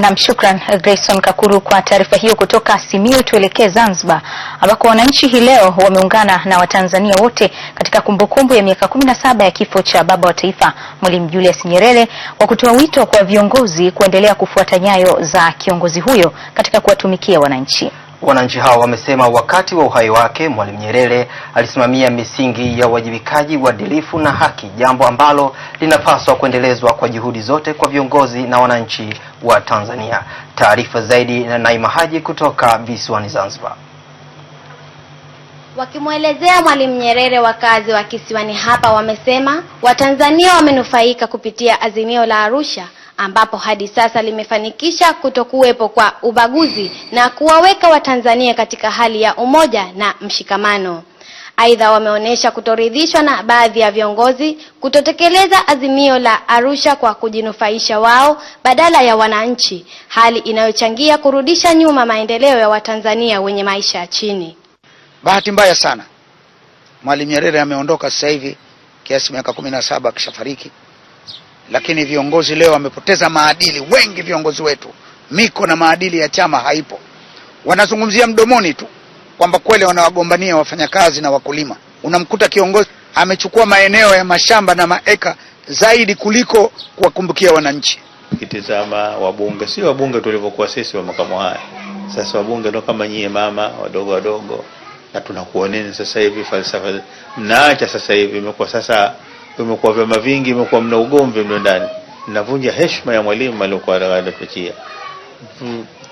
Nam, shukran eh, Grayson Kakuru kwa taarifa hiyo kutoka Simiu. Tuelekee Zanzibar ambako wananchi hii leo wameungana na Watanzania wote katika kumbukumbu ya miaka saba ya kifo cha baba wa taifa Mwalimu Julius Nyerere kwa kutoa wito kwa viongozi kuendelea kufuata nyayo za kiongozi huyo katika kuwatumikia wananchi. Wananchi hao wamesema wakati wa uhai wake Mwalimu Nyerere alisimamia misingi ya uwajibikaji, uadilifu na haki, jambo ambalo linapaswa kuendelezwa kwa juhudi zote kwa viongozi na wananchi wa Tanzania. Taarifa zaidi na Naima Haji kutoka visiwani Zanzibar. Wakimwelezea Mwalimu Nyerere, wakazi wa kisiwani hapa wamesema Watanzania wamenufaika kupitia azimio la Arusha ambapo hadi sasa limefanikisha kutokuwepo kwa ubaguzi na kuwaweka Watanzania katika hali ya umoja na mshikamano. Aidha, wameonyesha kutoridhishwa na baadhi ya viongozi kutotekeleza azimio la Arusha kwa kujinufaisha wao badala ya wananchi, hali inayochangia kurudisha nyuma maendeleo ya Watanzania wenye maisha ya chini. Bahati mbaya sana, Mwalimu Nyerere ameondoka sasa hivi kiasi miaka kumi na saba akishafariki. Lakini viongozi leo wamepoteza maadili, wengi viongozi wetu, miko na maadili ya chama haipo. Wanazungumzia mdomoni tu kwamba kweli wanawagombania wafanyakazi na wakulima. Unamkuta kiongozi amechukua maeneo ya mashamba na maeka zaidi kuliko kuwakumbukia wananchi. Kitizama wabunge, sio wabunge tulivyokuwa sisi wa makamo haya, sasa wabunge ndo kama nyie mama wadogo wadogo, na tunakuoneni sasa hivi falsafa mnaacha sasa hivi imekuwa sasa vimekuwa vyama vingi, imekuwa mna ugomvi mle ndani, navunja heshima ya mwalimu aliyokuwa anatuchia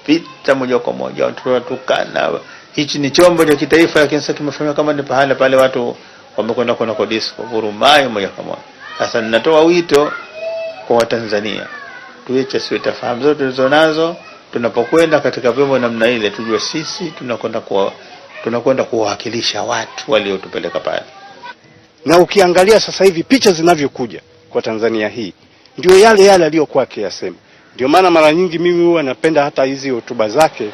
vita moja kwa moja, watu watukana. Hichi ni chombo cha kitaifa, lakini sasa kimefanywa kama ni pahala pale watu wamekwenda kuna kwa disco vurumai moja kwa moja. Sasa ninatoa wito kwa Watanzania tuweche sio tafahamu zote tulizo nazo, tunapokwenda katika vyombo namna ile, tujue sisi tunakwenda kuwawakilisha watu waliotupeleka pale na ukiangalia sasa hivi picha zinavyokuja kwa Tanzania hii ndio yale yale aliyokuwa akiyasema. Ndio maana mara nyingi mimi huwa napenda hata hizi hotuba zake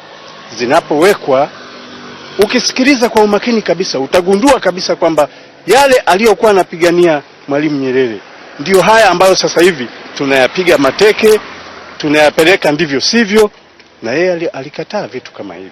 zinapowekwa, ukisikiliza kwa umakini kabisa utagundua kabisa kwamba yale aliyokuwa anapigania Mwalimu Nyerere ndiyo haya ambayo sasa hivi tunayapiga mateke, tunayapeleka ndivyo sivyo, na yeye alikataa vitu kama hivi.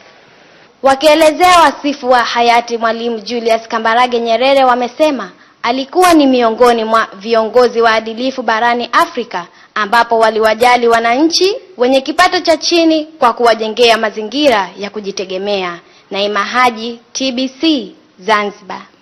Wakielezea wasifu wa hayati Mwalimu Julius Kambarage Nyerere wamesema Alikuwa ni miongoni mwa viongozi waadilifu barani Afrika ambapo waliwajali wananchi wenye kipato cha chini kwa kuwajengea mazingira ya kujitegemea. Naima Haji, TBC, Zanzibar.